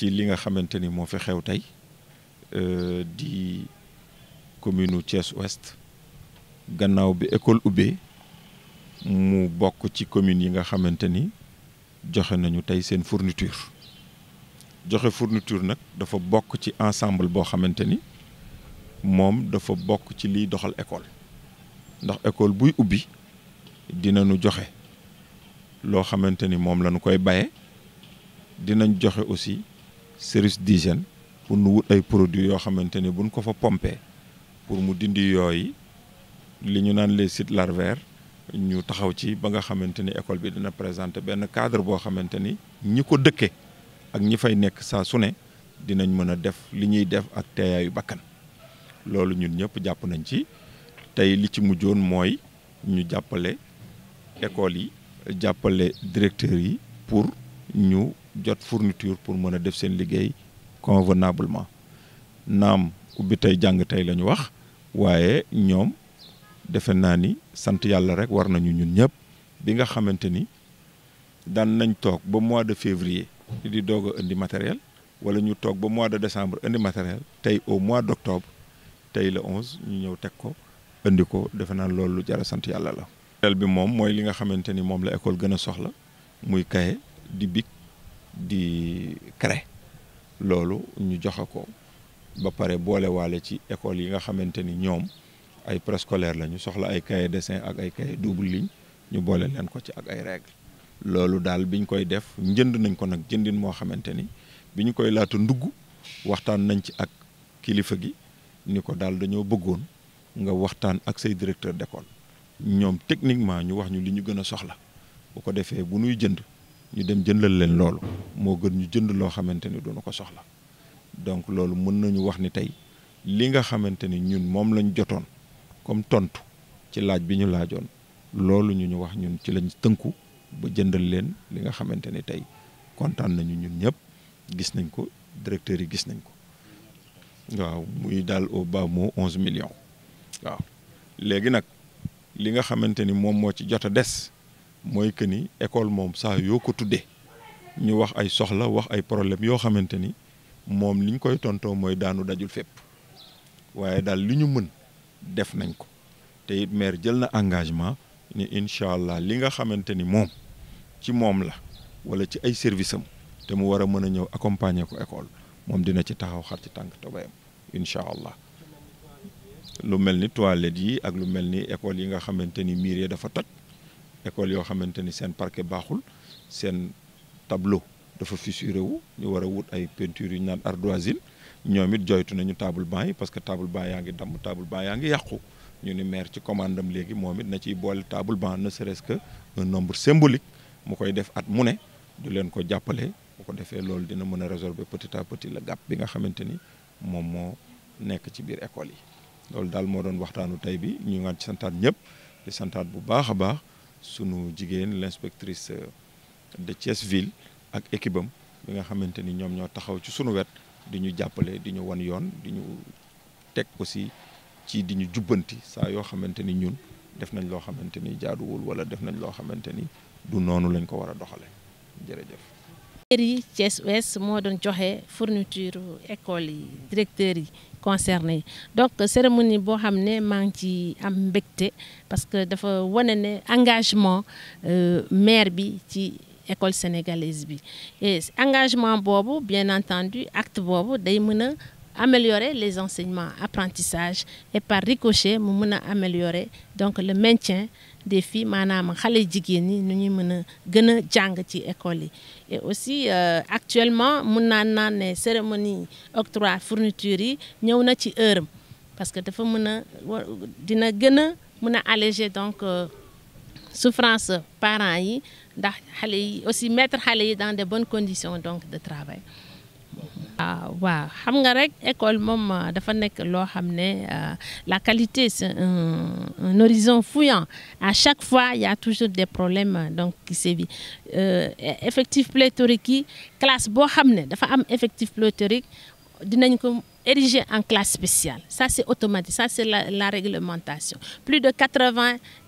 ci li nga xamante ni moo fi xew tey euh, di commune u Thiès west gannaaw bi école ubbee mu bokk ci commune yi nga xamante ni joxe nañu tey seen fourniture joxe fourniture nag dafa bokk ci ensemble boo xamante ni moom dafa bokk ci liy doxal école ndax école buy ubbi dinañu joxe loo xamante ni moom lañu koy baye dinañ joxe aussi service d'hygiène pour nu wut ay produits yoo xamante ni buñ ko fa pompé pour mu dindi yooyu li ñu naan les sites larvaires ñu taxaw ci ba nga xamante ni école bi dina présenter benn cadre boo xamante ni ñi ko dëkkee ak ñi fay nekk saa su ne dinañ mën a def li ñuy def ak teeyaayu bakkan loolu ñun ñëpp jàpp nañ ci tey li ci mujjoon mooy ñu jàppale école yi jàppale directeurs yi pour ñu jot fourniture pour mën a def seen liggéey convenablement naam ubbi tey jàng tey la ñu wax waaye ñoom defe naa ni sant yàlla rek war nañu ñun ñëpp bi nga xamante ni daan nañ toog ba mois de février di doog indi matériel wala ñu toog ba mois de décembre indi matériel tey au mois d' octobre tey la onze ñu ñëw teg ko indi ko defe naa loolu lu jar sant yàlla la. matériel bi moom mooy li nga xamante ni moom la école gën a soxla muy kaye di bic di CREC loolu ñu joxe ko ba pare boole boolewaale ci école yi nga xamante ni ñoom ay préscolaire la ñu soxla ay cahier dessin ak ay cahier double ligne ñu boole leen ko ci ak ay règle loolu daal bi ñu koy def njënd nañ ko nag jëndin moo xamante ni bi ñu koy laata ndugg waxtaan nañ ci ak kilifa gi ni ko daal dañoo bëggoon nga waxtaan ak say directeur d'école ñoom techniquement ñu wax ñu li ñu gën a soxla bu ko defee bu nuy jënd ñu dem jëndal leen loolu moo gën ñu jënd loo xamante ni duñu ko soxla donc loolu mën nañu wax ni tey li nga xamante ni ñun moom lañ jotoon comme tontu ci laaj bi ñu laajoon loolu ñu ñu wax ñun ci lañ tënku ba jëndal leen li nga xamante ni tey kontaan nañu ñun ñëpp gis nañ ko directeur yi gis nañ ko waaw muy daal au bas mot onze millions waaw léegi nag li nga xamante ni moom moo ci jot a des mooy que ni école moom saa yoo ko tuddee ñu wax ay soxla wax ay problème yoo xamante ni moom liñ koy tontoo mooy daanu dajul fépp waaye daal li ñu mën def nañ ko te it maire jël na engagement ni incha allah li nga xamante ni moom ci moom la wala ci ay service am te mu war a mën a ñëw accompagner ko école moom dina ci taxaw xar ci tànk tobayam incha allah lu mel ni toilette yi ak lu mel ni école yi nga xamante ni miir yi dafa toj école yoo xamante ni seen parquet baaxul seen tableau dafa fissuré wu ñu war a wut ay peinture yu ñu naan ardoisine ñoom it joytu nañu table banc yi parce que table banc yaa ngi damm table banc yaa ngi yàqu ñu ni maire ci commande léegi moom it na ci boole table banc ne serait-ce que un nombre symbolique mu koy def at mu ne du leen ko jàppale mu ko defee loolu dina mën a résorber petit à la gàpp bi nga xamante ni moom moo nekk ci biir école yi loolu daal moo doon waxtaanu tey bi ñu ngi santaat ñëpp di santaat baax a baax sunu jigéen l'inspectrice euh, de Thiès ville ak équipe bi nga xamante ni ñoom ñoo taxaw ci sunu wet di ñu jàppale di ñu wan yoon di ñu teg ko si ci di ñu jubbanti saa yoo xamante ni ñun def nañ loo xamante ni jaaduwul wala def nañ loo xamante ni du noonu lañ ko war a doxale jërëjëf. mairie Thiès Ouest moo doon joxe fourniture école yi directeur yi. concerné yi donc cérémonie boo xam ne maa ngi ci am mbégte parce que dafa wane ne engagement euh, maire bi ci école sénégalaise bi et engagement boobu bien entendu acte boobu day mën a améliorer les enseignements apprentissage et par ricochet mu mën a améliorer donc le maintien des filles maanaam xale jigéen ñi nu ñuy mën a gën a jàng ci école yi aussi euh, actuellement mun naa naan ne cérémonie octroi fourniture yi ñëw na ci heure am parce que dafa mën a dina gën a mën a alléger donc sufrance euh, souffrance parents yi ndax xale yi aussi mettre xale yi dans de bonnes conditions donc de travail Ah, waaw xam nga rek école moom ah, dafa nekk loo xam ne ah, la qualité c'est un, un horizon à chaque fois il y a toujours des problèmes donc qui sévit euh, effectif pléthorique yi classe boo xam ne dafa am effectif pléthorique dinañ ko érigé en classe spéciale ça c'est automatique ça c'est la, la réglementation plus de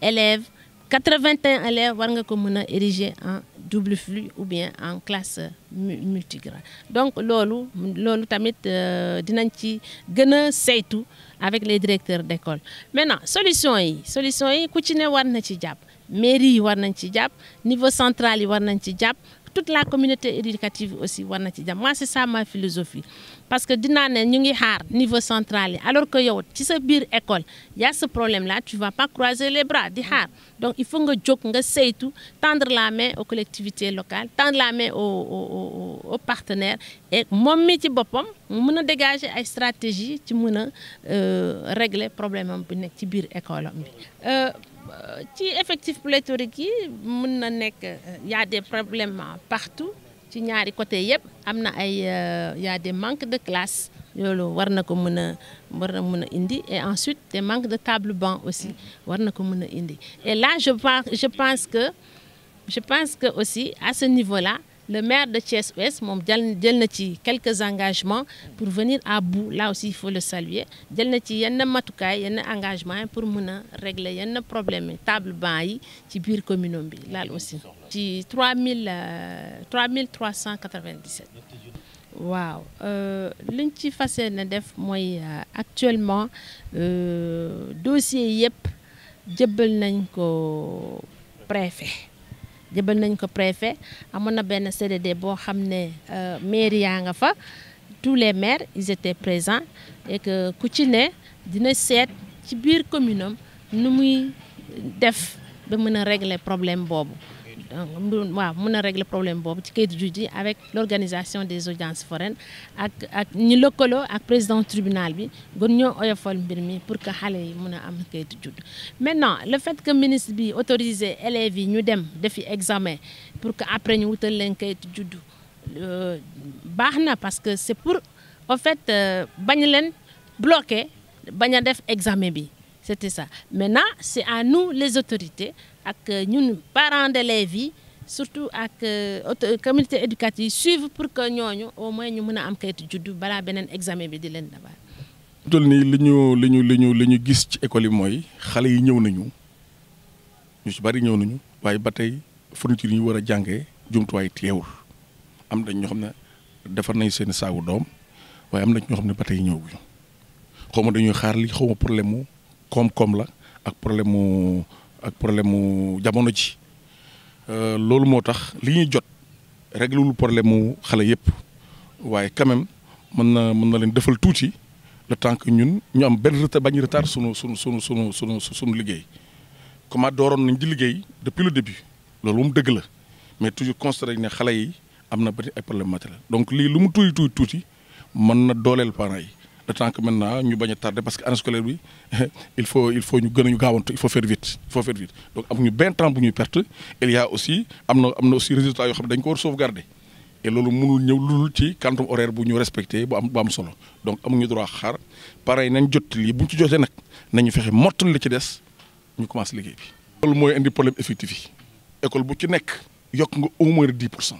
élèves vingt 81 élèves war nga ko mën a ériger en double flux ou bien en classe multigrade donc loolu loolu tamit euh, dinañ ci gën a saytu avec les directeurs d'école mais maintenant solution yi solution yi ku ci war na ci jàpp mairie yi war nañ ci jàpp niveau central yi war nañ ci jàpp toute la communauté éducative aussi war na ci jàmm moi c'est ça ma philosophie parce que dinaa ne ñu ngi xaar niveau central yi alors que yow ci sa biir école y a ce problème là tu vas pas croiser les bras di xaar donc il faut nga jog nga saytu tendre la main aux collectivités locales tendre la main aux partenaire moom mi ci boppam mu mën a dégager ay stratégie ci mën a euh, régler problème am bu nekk ci biir école am bi euh, ci effectif pléthorique yi na nekk euh, ya a des problèmes partout ci ñaari côté yëpp am na ay euh, y a des manques de classe loolu war na ko mën a war na mën a indi et ensuite des manques de table banc aussi war na ko mën a indi et là je pense je pense que je pense que aussi à ce niveau là le maire de Thiès Ouest moom jël jël na ci quelques engagements pour venir à bout là aussi il faut le saluer jël na ci yenn matukaay yenn engagement yi pour mën a régler yenn problème yi table banc yi ci biir commune bi laal aussi. ci 3000 3397. Euh, waaw euh, liñ ci fas yéene def mooy euh, actuellement dossier yëpp jëbbal nañ ko préfet. jëbal nañ ko préfet amoon na benn CDD boo xam ne euh, mairie yaa nga fa tous les maires ils étaient présents et que ku ci ne dina seet ci biir commune am nu muy def ba mën a réglé problème boobu waaw mën a régler problème boobu ci kayitu juge ji avec l'organisation des audiences foraines ak ak ñi lëkkaloo ak président tribunal bi gën ñoo oyofal mbir mi pour que xale yi mën a am kayitu judd maintenant le fait que ministre bi autorisé élèves yi ñu dem defi examen pour que après ñu wutal leen kayitu judd euh, baax na parce que c'est pour en fait euh, bañ leen bloquer bañ a def examen bi c'était ça maintenant c'est à nous les autorités ak euh, ñun parents d'élèves yi surtout ak euh, euh, communauté éducative yi suivre pour que ñooñu au moins ñu mën a am kayitu juddu balaa beneen examen bi di leen dabaal. tul nii li ñu li ñu li ñu lu ñu gis ci école yi mooy xale yi ñëw nañu ñu su bari ñëw nañu waaye ba tey fourniture yi ñu war a jàngee jumtuwaay teewul am nañ ñoo xam ne defar nañ seen saagu doom waaye am na ñoo xam ne ba tey ñëwaguñu xaw ma dañuy xaar li xaw ma problème mu koom-koom la ak problème mu. ak problème mu jamono ji euh, loolu moo tax li ñuy jot réglewul problème mu xale yëpp waaye quand mën na mën na leen defal tuuti le temps que ñun ñu am benn retard bañ retard sunu sunu sunu sunu su sunu liggéey comment dooroon nañ di liggéey depuis le début loolu moom dëgg la mais toujours constaté ne xale yi am na ba ay problème matériel donc lii lu mu tuuti tuuti tuuti mën na dooleel parents yi. le temps que maintenant ñu bañ a tardé parce que année scolaire bi il faut il faut ñu gën a ñu gaawantu il faut faire vite il faut faire vite donc amuñu benn temps bu ñuy perte il y aussi am na am na aussi résultat yoo xam ne dañ ko war sauvegarder et loolu mënul ñëw lulul ci quantum horaire bu ñu respecté bu am bu am solo donc amuñu droit xaar pare nañ jot lii bu ñu ci jotee nag nañu fexe mottal la ci des ñu commencé liggéey bi. loolu mooy indi problème effectif yi école bu ci nekk yokk nga au moins dix pour cent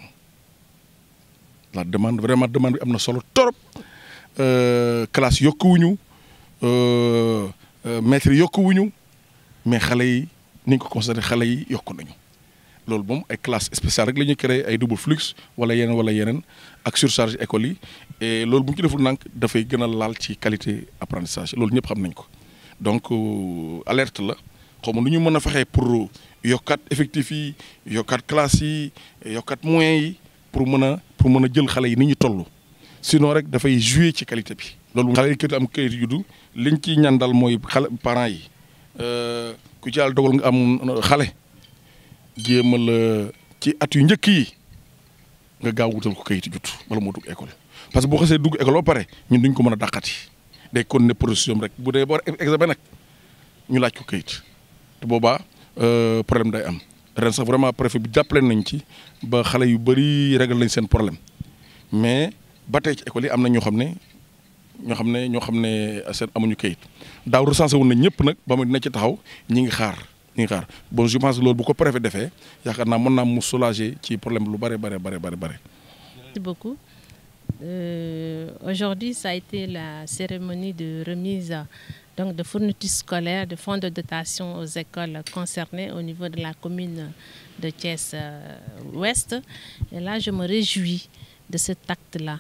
demande vraiment demande bi am na solo trop. Euh, classe yokkuwuñu euh, maîtres yokkuwuñu mais xale yi ni nga ko constaté xale yi yokku nañu loolu moom ay classe spéciale rek la ñuy créé ay double flux wala yeneen wala yeneen ak sur surcharge école yi e loolu bu ñu ci deful nànk dafay gën a laal ci qualité apprentissage loolu ñëpp xam nañ ko donc euh, alerte la xaw ma ñu mën a fexee pour yokkat effectif yi yokkat classe yi yokkat moyens yi pour mën a pour mën a jël xale yi ni ñu toll sinon rek dafay jouer ci qualité bi. loolu xale yi kër am kayit juddu liñ ciy ñaan daal mooy xale parents yi euh, ku ci yàlla dogal nga am euh, xale jéemal ci at yu njëkk yi nga gaaw wutal ko kayit juddu wala moo dugg école parce que boo xasee dugg école ba pare ñun duñ ko mën a dàqati day continuer processus rek bu dee ba war examen nag ñu laaj ko kayit te boobaa euh, problème day am ren sax vraiment préfet bi jàppale nañ ci ba xale yu bëri réglé nañ seen problème ba tey ci école yi am na ñoo xam ne ñoo xam ne ñoo xam ne seen amuñu kayit daaw recensé wu na ñëpp nag ba mu dina ci taxaw ñi ngi xaar ñi ngi xaar bon je pense loolu bu ko préfet defee yaakaar naa mën naa mu soulager ci problème lu bare bare bare bare bare. merci beaucoup euh, aujourd'hui ça a été la cérémonie de remise donc de fournitures scolaires de fonds de dotation aux écoles concernées au niveau de la commune de Thiès-Ouest euh, et là je me réjouis de cet acte-là.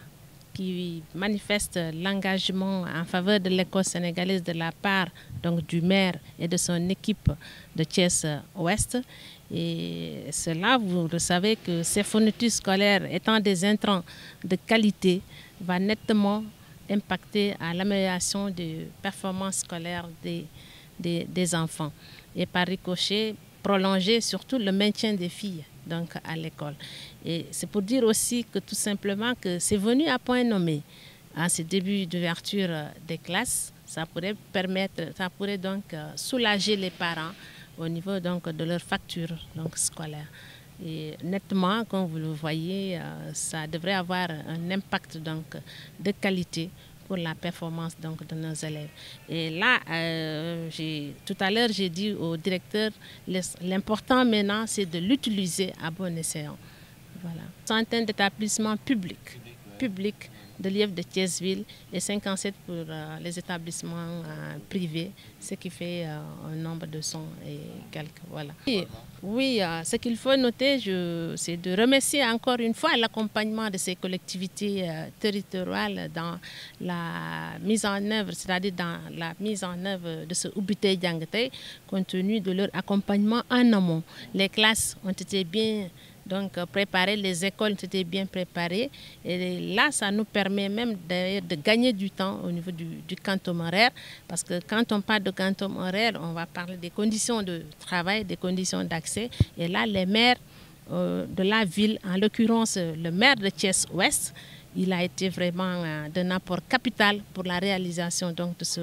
qui manifeste l'engagement en faveur de l'école sénégalaise de la part donc, du maire et de son équipe de Thiès Ouest. Et cela, vous le savez que ces fournitures scolaires étant des intrants de qualité, va nettement impacter à l'amélioration des performances scolaires des, des, des enfants. Et par ricochet, prolonger surtout le maintien des filles donc à l'école. Et c'est pour dire aussi que tout simplement que c'est venu à point nommé. à ce début d'ouverture des classes, ça pourrait permettre, ça pourrait donc euh, soulager les parents au niveau donc de leur facture donc scolaire. Et nettement, comme vous le voyez, euh, ça devrait avoir un impact donc de qualité pour la performance donc, de nos élèves. Et là, euh, tout à l'heure, j'ai dit au directeur, l'important maintenant, c'est de l'utiliser à bon escient. Voilà. Centaines d'établissements publics, publics de l'IEF de Thièsville et 57 pour euh, les établissements euh, privés, ce qui fait euh, un nombre de 100 et quelques. Voilà. Et, oui, euh, ce qu'il faut noter, c'est de remercier encore une fois l'accompagnement de ces collectivités euh, territoriales dans la mise en œuvre, c'est-à-dire dans la mise en œuvre de ce Ubité Djangate, compte tenu de leur accompagnement en amont. Les classes ont été bien Donc euh, préparer les écoles, c'était bien préparé. Et là, ça nous permet même de, de gagner du temps au niveau du, du, quantum parce que quand on parle de quantum horaire, on va parler des conditions de travail, des conditions d'accès. Et là, les maires euh, de la ville, en l'occurrence le maire de Thiès-Ouest, il a été vraiment euh, d'un apport capital pour la réalisation donc, de ce